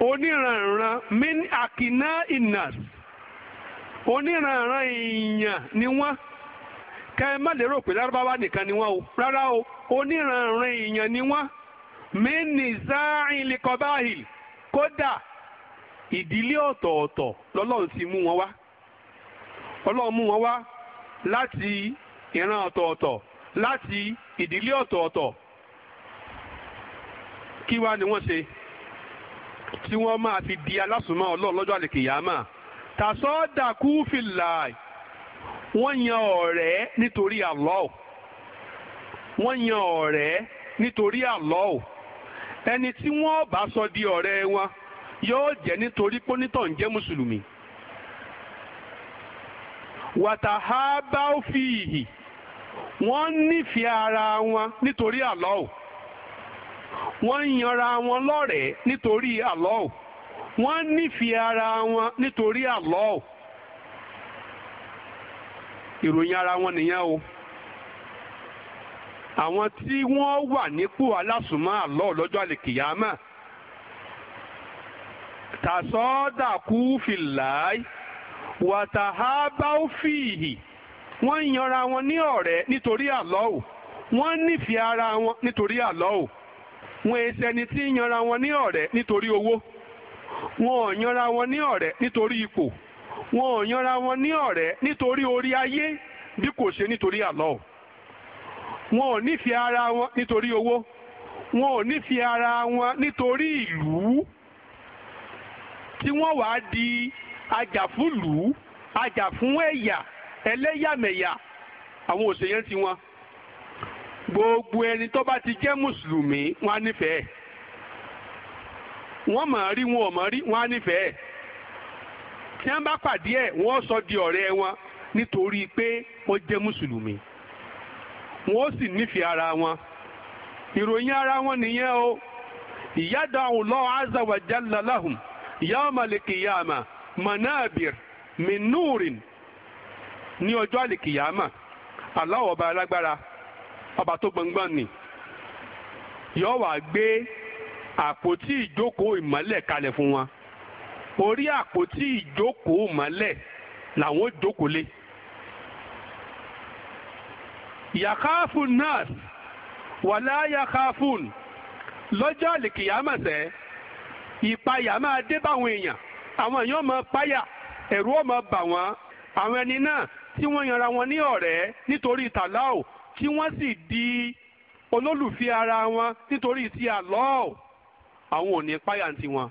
oníranran min akina inas oníranran èèyàn ni wọ́n kẹ́ ẹ má lérò pé lárúbáwá nìkan ni wọ́n o rárá o oníranran èèyàn ni wọ́n min likobahil kódà ìdílé ọ̀tọ̀ọ̀tọ̀ lọ́lọ́run ti mú wọn wá ọlọ́run mú wọn wá láti ìran ọ̀tọ̀ọ̀tọ̀ láti ìdílé ọ̀tọ̀ọ̀tọ̀ kí wá ni wọ́n ṣe. tí wọ́n máa fi di alásùnmọ́ ọlọ́run lọ́jọ́ àlèkèyàmà tàsọ́dà kúfìlà wọ́n yan ọ̀rẹ́ nítorí Allah wọ́n yan ọ̀rẹ́ nítorí Allah ẹni tí wọ́n bá sọ di ọ̀rẹ́ wọn yóò jẹ́ nítorí pónítọ̀ ń jẹ́ mùsùlùmí wàtàhábáfìhì wọ́n nífẹ̀ẹ́ ara wọn nítorí Allah. wọ́n ń yanra wọn lọ́rẹ̀ẹ́ nítorí àlọ́ Allah wọ́n nífẹ̀ẹ́ ara wọn nítorí àlọ́ Allah ìròyìn ara wọn nìyẹn o àwọn tí wọ́n wà nípò alásùnmọ́ àlọ́ lọ́jọ́ àlèkìyàmà tàsọ́dàkú fìlàí wàtàhábáú fìhì wọ́n yanra wọn ní ọ̀rẹ́ nítorí àlọ́ o wọ́n nífẹ̀ẹ́ ara wọn nítorí àlọ́ o. wọn ẹsẹni tí ń yanra wọn ní ọ̀rẹ́ nítorí owó wọn ò yanra wọn ní ọ̀rẹ́ nítorí ipò wọn ò yanra wọn ní ọ̀rẹ́ nítorí orí ayé bí kò ṣe nítorí àlọ́ wọn ò nífẹ̀ẹ́ ara wọn nítorí owó wọn ò nífẹ̀ẹ́ ara wọn nítorí ìlú tí wọ́n wàá di ajàfúlùú ajàfún ẹ̀yà ẹlẹ́yàmẹ̀yà àwọn ti wọn. gbogbo ẹni tó bá ti jẹ́ mùsùlùmí wọn á nífẹ̀ẹ́ wọn mọ̀ rí wọn ò mọ̀ rí wọn á nífẹ̀ẹ́ tí wọ́n bá wọ́n sọ di ọ̀rẹ́ wọn nítorí pé jẹ́ mùsùlùmí wọ́n sì nífẹ̀ẹ́ ara wọn ìròyìn ara wọn nìyẹn o ìyáda manabir ọba alágbára. ọba tó gbọngbọn ni yóò wá gbé àpótí ìjókòó ìmọ́lẹ̀ kalẹ̀ fún wọn orí àpótí ìjókòó ìmọ́lẹ̀ làwọn jókòó lé yàkáfùn náà wàlá yàkáfùn lọ́jọ́ àlìkìyàmọ̀sẹ́ ìpayà máa dé báwọn èèyàn àwọn èèyàn máa páyà ẹ̀rù ó máa bà wọ́n àwọn ẹni náà tí wọ́n yanra wọn ní ọ̀rẹ́ nítorí tàláò tí wọ́n sì di olólùfẹ́ ara wọn nítorí sí àlọ́ àwọn ò ní páyà tiwọn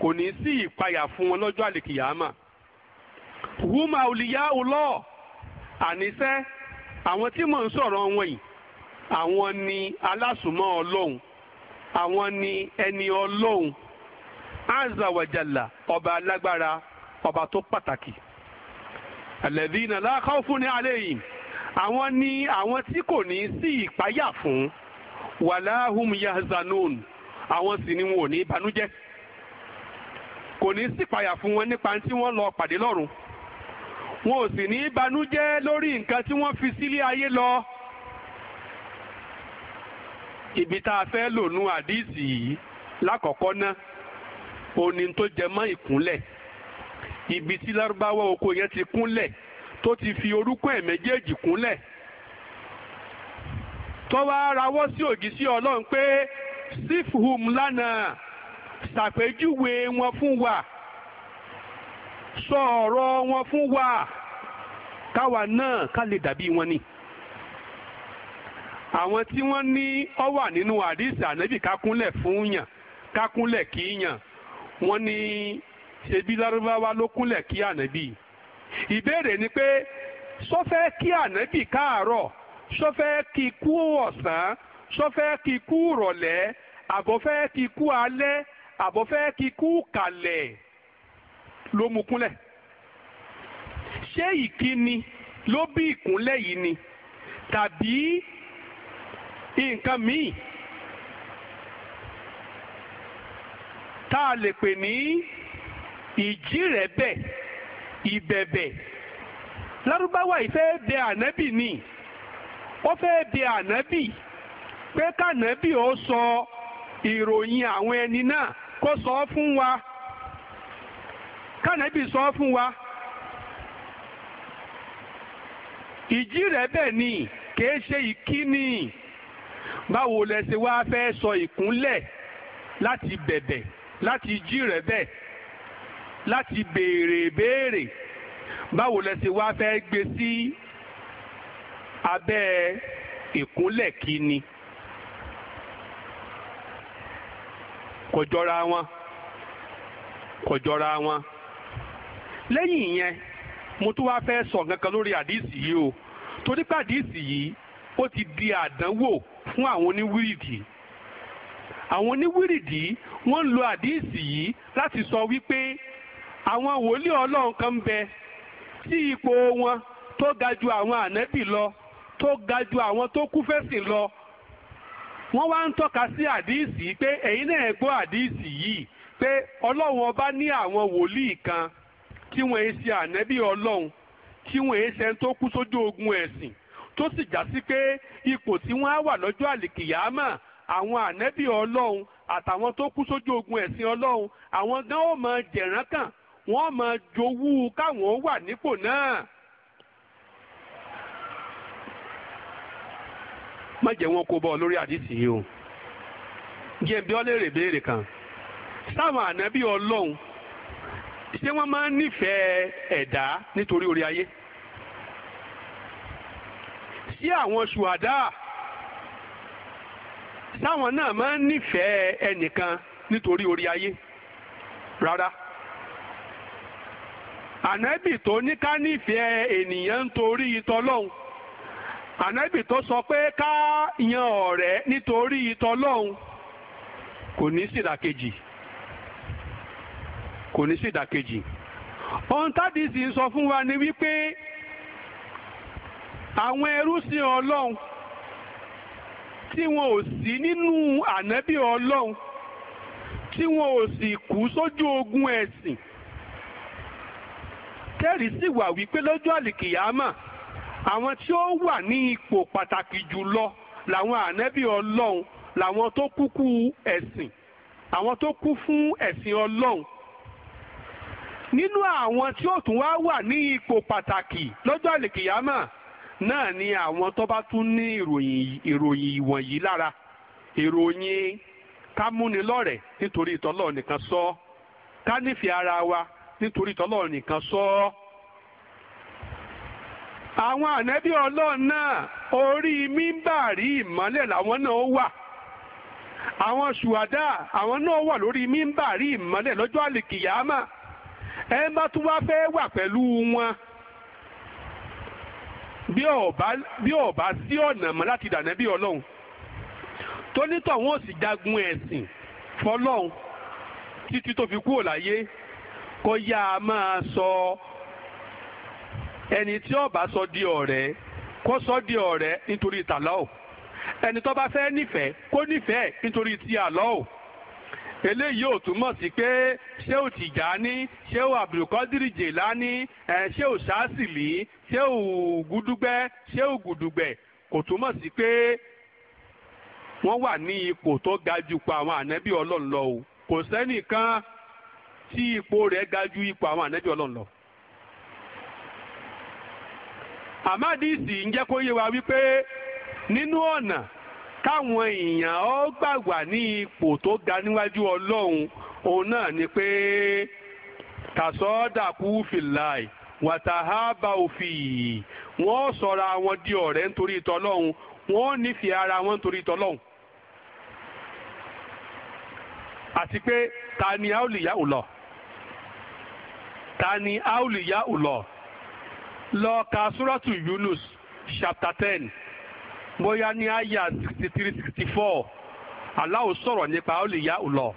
kò ní sí ìpayà fún wọn lọ́jọ́ àlèkìyàmà wúmà òlìyá òlọ́ àníṣẹ́ àwọn tí mò ń sọ̀rọ̀ wọn yìí àwọn ni alásùmọ́ ọlọ́hun àwọn ni ẹni ọlọ́hun azawajala ọba alágbára ọba tó pàtàkì alladhina la khawfun alayhim àwọn ni àwọn tí kò ní sí ìpáyà fún wàláhùn yahzanun àwọn sì ni wọn ò ní ìbànújẹ́ kò ní sí ìpáyà fún wọn nípa tí wọ́n lọ pàdé lọ́run wọn ò sì ní ìbànújẹ́ lórí nǹkan tí wọ́n fi sílé ayé lọ ibi tá a fẹ́ lò nu àdíìsì yìí lákọ̀ọ́kọ́ ná òní tó jẹ mọ́ ìkúnlẹ̀ ibi tí lárúbáwá oko yẹn ti kúnlẹ̀ tó ti fi orúkọ ẹ̀ méjèèjì kúnlẹ̀ tó wá rawọ́ sí òjíṣẹ́ Ọlọ́run pé sifhum lánàá ṣàpèjúwe wọn fún wa sọ oro wọn fún wa káwa náà ká lè dàbí wọn ni àwọn tí wọ́n ní ó wà nínú àdìsí ànábì kákúnlẹ̀ fún yàn kákúnlẹ̀ kí yàn wọ́n ní ṣebí lárúbáwá ló kúnlẹ̀ kí ànábì yìí. ìbéèrè ni pé sọfẹ́ kí ànábì káàárọ̀ sọfẹ́ kí kú ọ̀sán sọfẹ́ kí kú rọ̀lẹ́ àbọ̀fẹ́ kí kú alẹ́ àbọ̀fẹ́ kí kú kàlẹ̀ ló mú kúnlẹ̀ ṣé ìkíni ló bí ìkúnlẹ̀ yìí ni tàbí nǹkan míì tá a lè pè ní ìjírẹ̀bẹ̀. ìbẹ̀bẹ̀ lárúbáwá yìí fẹ́ bẹ ànábì ni ó fẹ́ bẹ ànábì pé kànábì ó sọ ìròyìn àwọn ẹni náà kó sọ ọ́ fún wa kànábì sọ ọ́ fún wa ìjí rẹ̀ bẹ́ẹ̀ ni kìí ṣe ìkíni báwo le si wá fẹ́ sọ ìkúnlẹ̀ láti bẹ̀bẹ̀ láti jí rẹ̀ bẹ́ẹ̀. láti béèrè béèrè báwo lẹ ṣe wá fẹ́ gbé sí abẹ́ ìkúnlẹ̀ kíni kò jọra wọn kò jọra wọn lẹ́yìn ìyẹn mo tún wá fẹ́ sọ nǹkan kan lórí àdìsí yìí o torí pé àdìsí yìí ó ti di àdánwò fún àwọn oníwírìdì àwọn oníwírìdì wọ́n ń lo àdìsí yìí láti sọ wípé àwọn wòlíì ọlọ́run kan ń bẹ tí ipò wọn tó ga ju àwọn ànẹ́bì lọ tó ga ju àwọn tó kú fẹ́sìn lọ wọ́n wá ń tọ́ka sí àdíìsì pé ẹ̀yin náà gbọ́ àdíìsì yìí pé ọlọ́run ọba ní àwọn wòlíì kan tí wọ́n ń ṣe ànẹ́bì ọlọ́run tí wọ́n ń ṣe tó kú sójú ogun ẹ̀sìn tó sì já sí pé ipò tí wọ́n á wà lọ́jọ́ àlìkìyàmà àwọn ànẹ́bì ọlọ́run àtàwọn tó kú sójú ogun ẹ̀sìn ọlọ́run àwọn gan ó máa jẹ̀rán kàn wọ́n máa jowú káwọn wà nípò náà. má jẹ́ wọn kó bọ́ lórí àdìsí yìí o jẹ́ bí ọlẹ́rẹ̀ béèrè kan sáwọn ànábì ọlọ́run ṣé wọ́n máa ń nífẹ̀ẹ́ ẹ̀dá nítorí orí ayé sí àwọn ṣùwádà sáwọn náà máa ń nífẹ̀ẹ́ ẹnìkan nítorí orí ayé rárá ànábì tó ní ká nífẹ̀ẹ́ ènìyàn nítorí ìtọ́lọ́hún ànábì tó sọ pé ká yan ọ̀rẹ́ nítorí ìtọ́lọ́hún kò ní sídàkejì kò ní sídàkejì ohun tádìsì ń sọ fún wa ni wípé àwọn ẹrúsìn ọlọ́hun tí wọn ò sí nínú ànábì ọlọ́hun tí wọn ò sì kú sójú ogun ẹ̀sìn tẹ́rìí sì wà wípé lójú àlìkìyàmà àwọn tí ó wà ní ipò pàtàkì jùlọ làwọn ànẹ́bí ọlọ́run làwọn tó kúkú ẹ̀sìn àwọn tó kú fún ẹ̀sìn ọlọ́run nínú àwọn tí ó tún wá wà ní ipò pàtàkì lójú àlìkìyàmà náà ni àwọn tó bá tún ní ìròyìn ìròyìn ìwọ̀nyí lára ìròyìn ká múni lọ́rẹ̀ẹ́ nítorí ìtọ́lọ́ sọ ká nífẹ̀ẹ́ ara wa nítorí tọ́lọ́run nìkan sọ ọ́. àwọn ànẹ́bí ọlọ́run náà orí mímbàrí ìmọ́lẹ̀ làwọn náà wà àwọn ṣùwádà àwọn náà wà lórí mímbàrí ìmọ́lẹ̀ lọ́jọ́ àlìkìyàmà ẹ bá tún wá fẹ́ wà pẹ̀lú wọn bí ọba bí ọba sí ọ̀nà mọ́ láti dànù bí ọlọ́run tónítọ̀ wọn ò sì jagun ẹ̀sìn fọlọ́run títí tó fi kúrò láyé kó yá a máa sọ ẹni tí ó bá sọ di ọ̀rẹ́ kó sọ di ọ̀rẹ́ nítorí tàlọ́ o ẹni tó bá fẹ́ nífẹ̀ẹ́ kó nífẹ̀ẹ́ nítorí ti àlọ́ o eléyìí ò túmọ̀ sí pé ṣéò tìjání ṣéò abdulkadir jelani ṣéò sásìlì ṣéò gúdúgbẹ́ ṣéò gùdùgbẹ́ kò túmọ̀ sí pé wọ́n wà ní ipò tó ga jù pa àwọn ànẹ́bí ọlọ́run lọ o kò sẹ́nìkan tí ipò rẹ̀ ga ju ipò àwọn ànábì ọlọ́run lọ. àmádìsì ń jẹ́ kó yé wa wípé nínú ọ̀nà káwọn èèyàn ó gbàgbà ní ipò tó ga níwájú ọlọ́run òun náà ni pé tàsọ́dàkú fìlàì wàtàhábà òfì wọ́n sọra wọn di ọ̀rẹ́ nítorí tọlọ́hun wọ́n nífẹ̀ẹ́ ara wọn nítorí tọlọ́hun. àti pé ta ni a ó lè yá lọ. ta ni aoliya ulọ lọ ka suratu Yunus chapter ten bóyá ní àyà sixty three sixty four Allah sọ̀rọ̀ nípa aoliya ulọ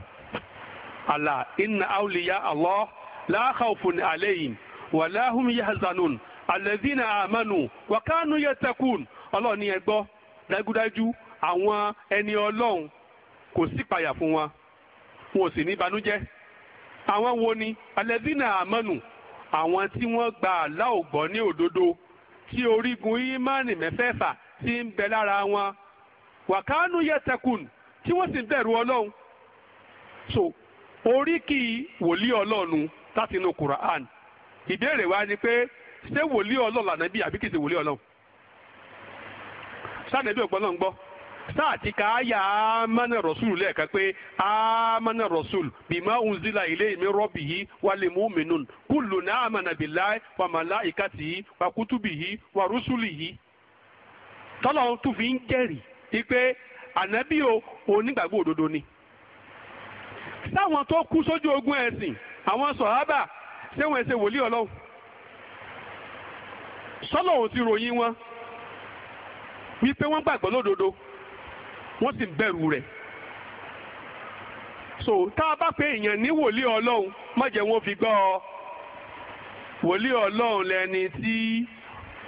Allah inna aoliya Allah la khawfun alayhim wala hum yahzanun alladhina amanu wa kanu yattaqun ọlọ́ọ̀ni ẹ gbọ́ dájúdájú àwọn ẹni ọlọ́run kò sí ìpayà fún wọn wọn ò sì ní banújẹ́ àwọn wo ni alẹ́bínà àmọ́nù àwọn tí wọ́n gba aláwọ̀ gbọ́ ní òdodo tí orígun ìmánì mẹ́fẹ̀ẹ̀fà ti ń bẹ lára wọn wàkánú yẹtẹkùn tí wọ́n sì bẹ̀rù ọlọ́run so oríkì wòlíì ọlọ́run láti inú Quran ìbéèrè wa ni pé ṣé wòlíì ọlọ́run lànà bí àbí kìí ṣe wòlíì ọlọ́run sáà nàbí ògbọ́n náà ń gbọ́. saa ti ka àyà amánà rọ̀ṣùlù lẹ́ẹ̀kan pé amánà rọ̀ṣùlù bímọ unzila ilé mi rọ́bì yìí wà lè mú mi nùn kúlù náà amánà bìlá wà màlá ìkàtì yìí wà kútùbì yìí wà rúṣùlù yìí. tọ́lọ̀ tún fi ń jẹ́rìí i pé ànábì onígbàgbọ́ òdodo ni. sáwọn tó kú sójú ogun ẹ̀sìn àwọn sọ̀hábà ṣé wọ́n ṣe wòlíì ọlọ́run sọ́lọ́run ti ròyìn wọn wípé wọ́n gbàgbọ́ lódodo. wọ́n sì bẹ̀rù rẹ̀ so tá a bá pé èèyàn ní wòlíì ọlọ́run má jẹ́ wọ́n fi gbọ́ ọ wòlíì ọlọ́run lẹni tí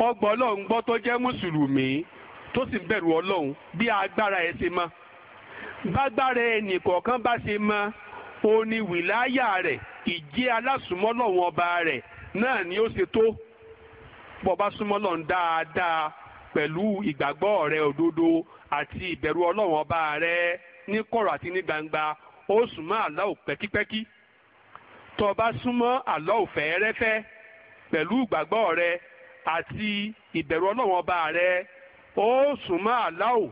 ọgbọ́n ọlọ́run gbọ́ tó jẹ́ mùsùlùmí tó sì bẹ̀rù ọlọ́run bí agbára ẹ̀ ṣe mọ́ bágbára ẹnì kọ̀ọ̀kan bá ṣe mọ́ ó ní wìláyà rẹ̀ ìjẹ́ alásùmọ́lọ́wọ́n ọba rẹ̀ náà ni ó ṣe tó bọ́ bá súnmọ́ dáadáa pẹ̀lú ìgbàgbọ́ rẹ òdodo àti ìbẹ̀rù ọlọ́run ọba rẹ ní kọ̀rọ̀ àti ní gbangba ó súnmọ́ Allahu pẹ́kípẹ́kí tó o bá súnmọ́ Allahu fẹ́ẹ́rẹ́fẹ́ pẹ̀lú ìgbàgbọ́ rẹ àti ìbẹ̀rù ọlọ́run ọba rẹ ó súnmọ́ Allahu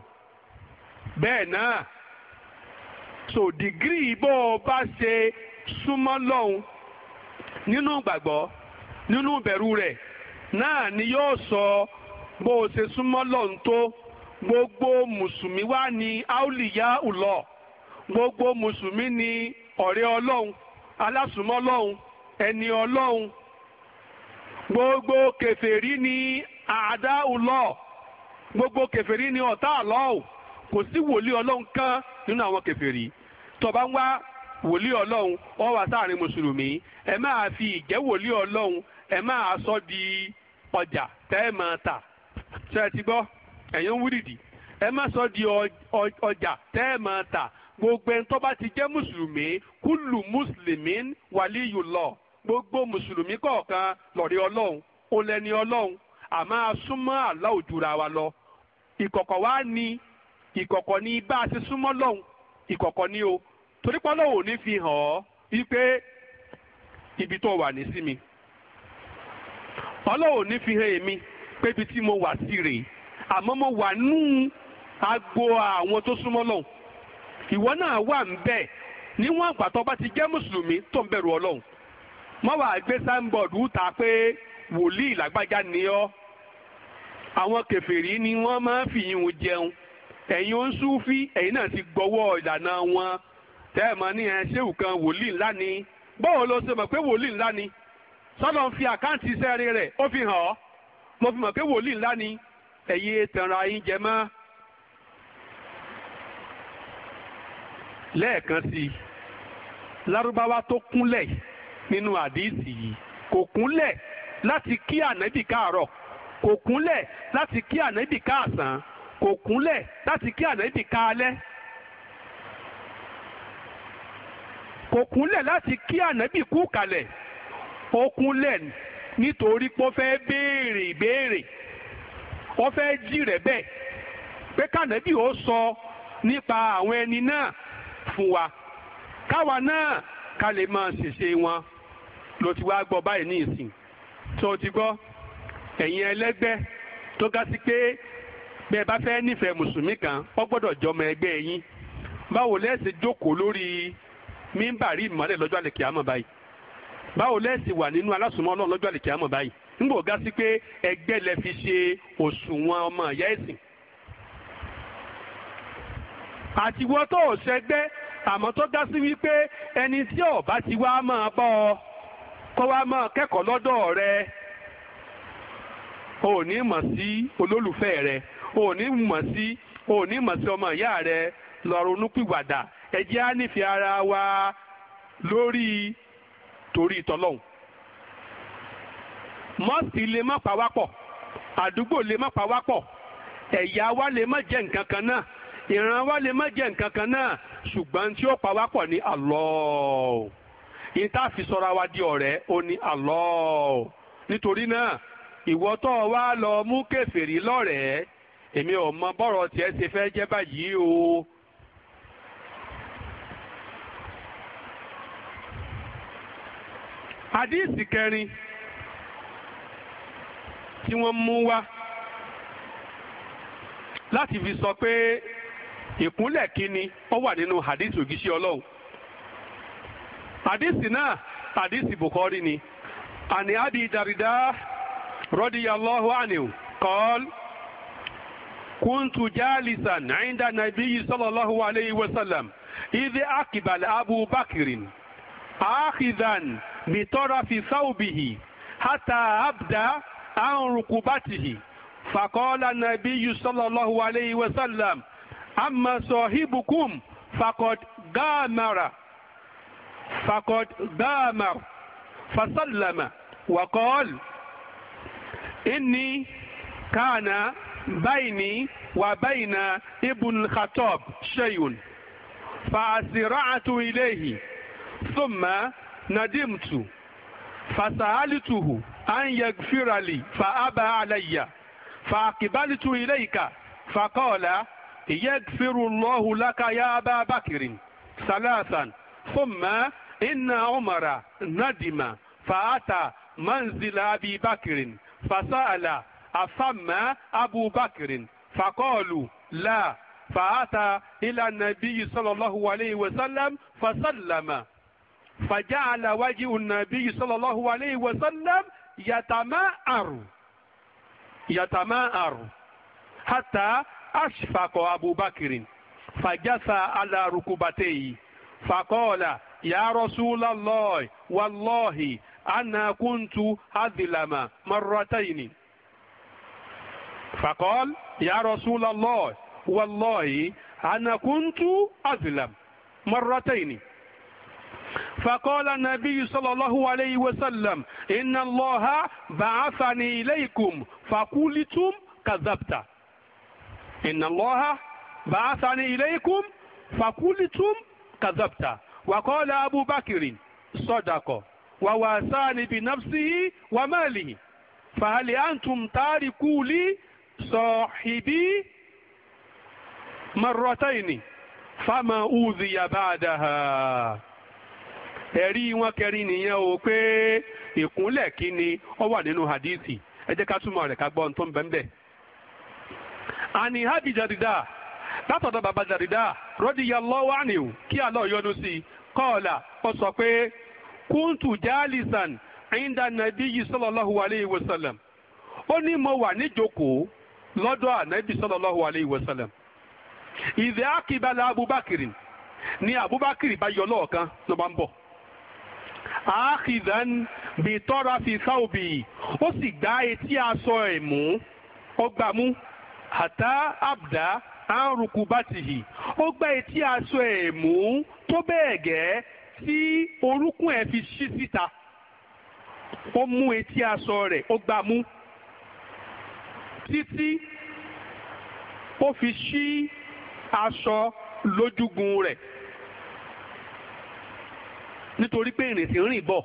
bẹ́ẹ̀ náà so dìgírì bó o bá ṣe súnmọ́ lọ́hùn nínú ìgbàgbọ́ nínú ìbẹ̀rù rẹ̀ náà ni yóò sọ. So, bó o ṣe súnmọ́ lọ́n tó gbogbo mùsùlùmí wà ní áùlìyá ùlọ gbogbo mùsùlùmí ní ọ̀rẹ́ ọlọ́run alásùmọ́ ọlọ́run ẹni ọlọ́run gbogbo kèfèrí ní àdá ùlọ gbogbo kèfèrí ní ọ̀tá kò sí wòlíì nínú àwọn ń wá wòlíì ṣe ti gbọ́ ẹ̀yin ń wúrìdì ẹ má sọ di ọjà tẹ́ ẹ máa tà gbogbo ẹni tó bá ti jẹ́ mùsùlùmí kúlù mùsùlùmí wàlíyù lọ gbogbo mùsùlùmí kọ̀ọ̀kan lọ̀rí ọlọ́run ó lẹ́ni ọlọ́run àmọ́ a súnmọ́ àlá òjúra wa lọ ìkọ̀kọ̀ wa ni ìkọ̀kọ̀ ni bá a ṣe súnmọ́ lọ́hùn ìkọ̀kọ̀ ni o torí pé ọlọ́run ò ní fi hàn ọ́ wípé ibi tó wà ní sí mi ọlọ́run ò ní fi hàn èmi pé ibi tí mo wà sí rèé àmọ́ mo wà nú agbo àwọn tó súnmọ́ lọ́hùn ìwọ náà wà ń bẹ̀ níwọ̀n àgbà tó bá ti jẹ́ mùsùlùmí tó ń bẹ̀rù ọlọ́hùn wọ́n wàá gbé signboard ta pé wòlíì làgbájá ni ọ́ àwọn kèfèrí ni wọ́n máa ń fìyìn jẹun ẹ̀yin ó ń súfí ẹ̀yin náà ti gbọ́wọ́ ìlànà wọn tẹ́ ní ẹ ṣéwù kan wòlíì ńlá ni bọ́ọ̀ ló mọ̀ pé wòlíì ńlá ni sọ́dọ̀ fi àkáǹtì iṣẹ́ rẹ̀ ó fi hàn ọ́ mo fi mọ̀ pé wòlíì ńlá ni ẹ̀yin tanra yín jẹ mọ́. lẹ́ẹ̀kan sí i lárúbáwá tó kúnlẹ̀ nínú àdíìsì yìí kò kúnlẹ̀ láti kí ànábì káàárọ̀ kò kúnlẹ̀ láti kí ànábì káàsán kò kúnlẹ̀ láti kí ànábì káalẹ́ kò kúnlẹ̀ láti kí ànábì kú kalẹ̀ ó kúnlẹ̀ nítorí pé ó fẹ́ béèrè ìbéèrè ó fẹ́ jí rẹ̀ bẹ́ẹ̀ pé kànábì ó sọ nípa àwọn ẹni náà fún wa káwa náà ká lè máa ṣèṣe wọn ló ti wá gbọ́ báyìí ní ìsìn tó ti gbọ́ ẹ̀yin ẹlẹ́gbẹ́ tó ga sí pé bẹ́ẹ̀ bá fẹ́ nífẹ̀ẹ́ mùsùlùmí kan ó gbọ́dọ̀ jọmọ ẹgbẹ́ yín báwo lẹ́sìn jókòó lórí mímbàrí ìmọ̀lẹ́ lọ́jọ́ àlèkè àmọ́ báyìí. báwo lẹ́sìn wà nínú alásùnmọ́ ọlọ́run lọ́jọ́ àlèkè àmọ̀ báyìí nígbà ọ̀gá sí pé ẹgbẹ́ lẹ fi ṣe òṣùwọ̀n ọmọ ya ẹ̀sìn. àtiwọ́ tó ò ṣẹgbẹ́ àmọ́ tó dá sí wípé ẹni tí ọba ti wá máa bọ́ ọ kó wá máa kẹ́kọ̀ọ́ lọ́dọ̀ rẹ o ní mọ̀ rẹ o ní mọ̀ o ọmọ ìyá rẹ lọ ara wa lórí torí ìtọ́lọ́hún mọ́ọ̀sì lè má pa wá pọ̀ àdúgbò lè má pa wá pọ̀ ẹ̀yà wa lè má jẹ́ nǹkan kan náà ìran wa lè má jẹ́ nǹkan kan náà ṣùgbọ́n tí ó pa wá pọ̀ ní Allah yìí tá a fi sọra wa di ọ̀rẹ́ ó ní Allah nítorí náà ìwọ tó o wá lọ mú kèfèrí lọ́rẹ̀ẹ́ èmi ò mọ bọ́rọ̀ tiẹ̀ ṣe fẹ́ jẹ́ báyìí o. hadíìsì kẹrin tí wọ́n mú wá láti fi sọ pé ìkúnlẹ̀ kínni ó wà nínú hadíìsì ògìṣẹ́ ọlọ́run hadíìsì náà hadíìsì Bukhari ni àní àbí dàrídá radiyallahu anhu qal kuntu jalisan 'inda nabiyyi sallallahu alayhi wa sallam idh aqbala abu bakrin bitọ́ra fi sáwùbìhì hátà abdá àrùnkùbátìhì fàkọ́ọ́lá nàbí yusọ́lọ́lọ́hu aleyhi wa sálàm àmà sọ̀híbùkùm fàkọ́d gáàmàrà fàkọ́d gáàmàrà fàsálàmà wàkọ́ọ́l inni kàánà báyìí wà báyìí na ibùn khatob ṣẹ́yùn fàásìràtù iléyìí. ثم ندمت فسألته أن يغفر لي فأبى علي فأقبلت إليك فقال يغفر الله لك يا أبا بكر ثلاثا ثم إن عمر ندم فأتى منزل أبي بكر فسأل افما أبو بكر فقالوا لا فأتى إلى النبي صلى الله عليه وسلم فسلم فجعل وجه النبي صلى الله عليه وسلم يتماءر يتماءر حتى أشفق أبو بكر فجثى على ركبتيه فقال يا رسول الله والله أنا كنت أظلم مرتين فقال يا رسول الله والله أنا كنت أظلم مرتين فقال النبي صلى الله عليه وسلم إن الله بعثني إليكم فقلتم كذبت إن الله بعثني إليكم فقلتم كذبت وقال أبو بكر صدق وواساني بنفسه وماله فهل أنتم تاركوا لي صاحبي مرتين فما أوذي بعدها ẹ̀rí wọn kẹrin nìyẹn o pé ìkúnlẹ̀ kíni ó wà nínú hadithi ẹ jẹ́ ká túmọ̀ rẹ̀ ká gbọ́ ohun tó ń bẹ ń bẹ. àní hábì jàdídà látọ̀dọ̀ bàbá jàdídà radiyallahu anhu kí Allah yọ́nú sí i kọ́ọ̀là ó sọ pé kúntù jálísàn sallam ó ní mo wà lọ́dọ̀ wa sallam ìdè àkìbálà abubakar ni abubakar bá yọ lọ́ọ̀kan ń bọ̀. àákìdán bí tọ́ra fi sáòbì ó sì gbá etí aṣọ ẹ̀ mú ó gbà mú àtá àbdá àrùkù bàtìhì ó gbá etí aṣọ ẹ̀ mú tó bẹ́ẹ̀ gẹ́ tí orúnkún ẹ̀ fi ṣí síta ó mú etí aṣọ rẹ̀ ó gbà mú títí ó fi ṣí aṣọ lójúgun rẹ̀. nítorí pé ìrìn sí rìn bọ̀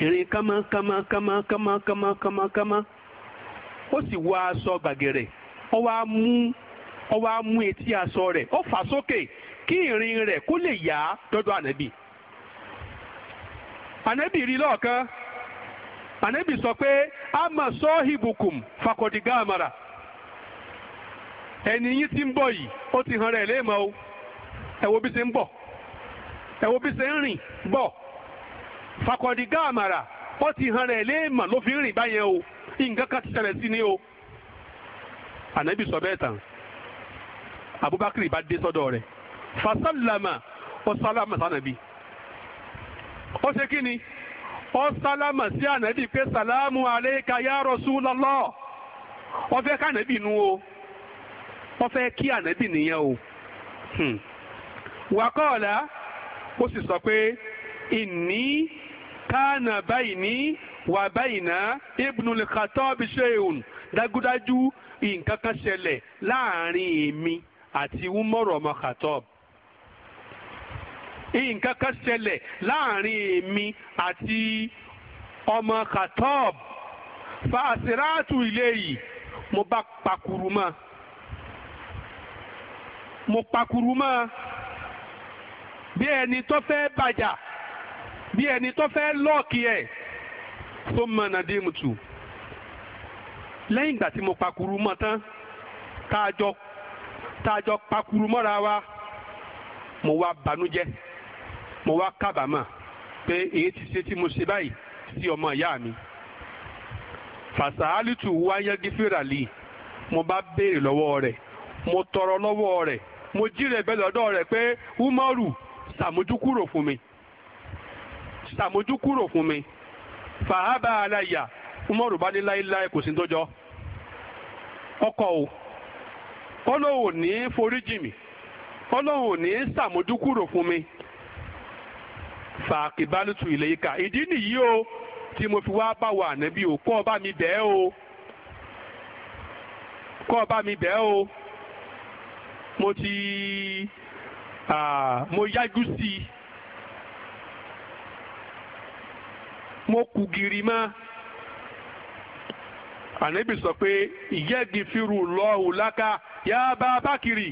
ìrìn kánmọ́ kánmọ́ kánmọ́ kánmọ́ kánmọ́ kánmọ́ ó sì wọ aṣọ gbàgẹ̀rẹ̀ ó wá mú ó etí aṣọ rẹ̀ ó fà sókè kí ìrìn rẹ̀ kó lè yá dọ́dọ̀ ànábì ànábì rí lọ́ọ̀kan sọ pé ama sọ́hìbùkùm fakọ̀dìgá àmàrà ẹni yín ti ń bọ̀ yìí ti hàn rẹ̀ léèmọ́ o bí ẹ̀wọ́ bí ṣe ń rìn bọ̀ fakọ̀dìgá àmàrà ó ti hàn rẹ̀ léèmọ̀ ló fi ń rìn báyẹn o nǹkan kan ti ṣẹlẹ̀ sí ni o ànábì sọ bẹ́ẹ̀ tán abubakar bá dé sọ́dọ̀ rẹ̀ fasalama ó sálámà sànàbí ó ṣe kí ni ó sí ànábì pé sàlámù alayka ya Rasulullah ó fẹ́ ká ànábì nu o ó fẹ́ kí ànábì nìyẹn o wàkọ́ọ̀lá. Hmm ó sì sọ pé ìní kánà báyìí ní wà báyìí ná Ibnul Khattab shay'un dágúdájú nǹkan kan ṣẹlẹ̀ láàrin èmi àti Umar ọmọ Khattab nǹkan kan ṣẹlẹ̀ láàrin èmi àti ọmọ Khattab fa àsìráàtù ilé yìí mo bá pakuru mọ́ mo pakuru mọ́. bí ẹni tó fẹ́ bàjà bí ẹni tó fẹ́ lọ́ọ̀kì ẹ̀ tó mọ nàdí mùtù lẹ́yìn ìgbà tí mo pakuru mọ́ tán tá a pakuru mọ́ra wa mo wá banújẹ́ mo wá kábàámọ̀ pé èyí ti ṣe tí mo ṣe báyìí sí ọmọ ìyá mi fàṣàálìtù wáyé gífìràlì mo bá béèrè lọ́wọ́ rẹ̀ mo tọrọ lọ́wọ́ rẹ̀ mo jí rẹ̀ bẹ́ẹ̀ lọ́dọ̀ rẹ̀ pé Umaru sàmójúkúrò fún mi sàmójúkúrò fún mi fàhábà aláyà umaru bá ní láéláé kò sí dọjọ ọkọ o ọlọ́run ò ní foríjì mi ọlọ́run ò ní sàmójúkúrò fún mi fàkìbálùtù ìlẹ́yìká ìdí nìyí o tí mo fi wá bá wà níbí o kọ́ ọ mi bẹ́ẹ̀ o kọ́ ọ mi bẹ́ẹ̀ o mo ti Ah, mo yájú sí i mo kù gìrì mọ́ ànábì sọ pé ìyẹ́gi firu lọ́hùn lákà yá bá bákìrì.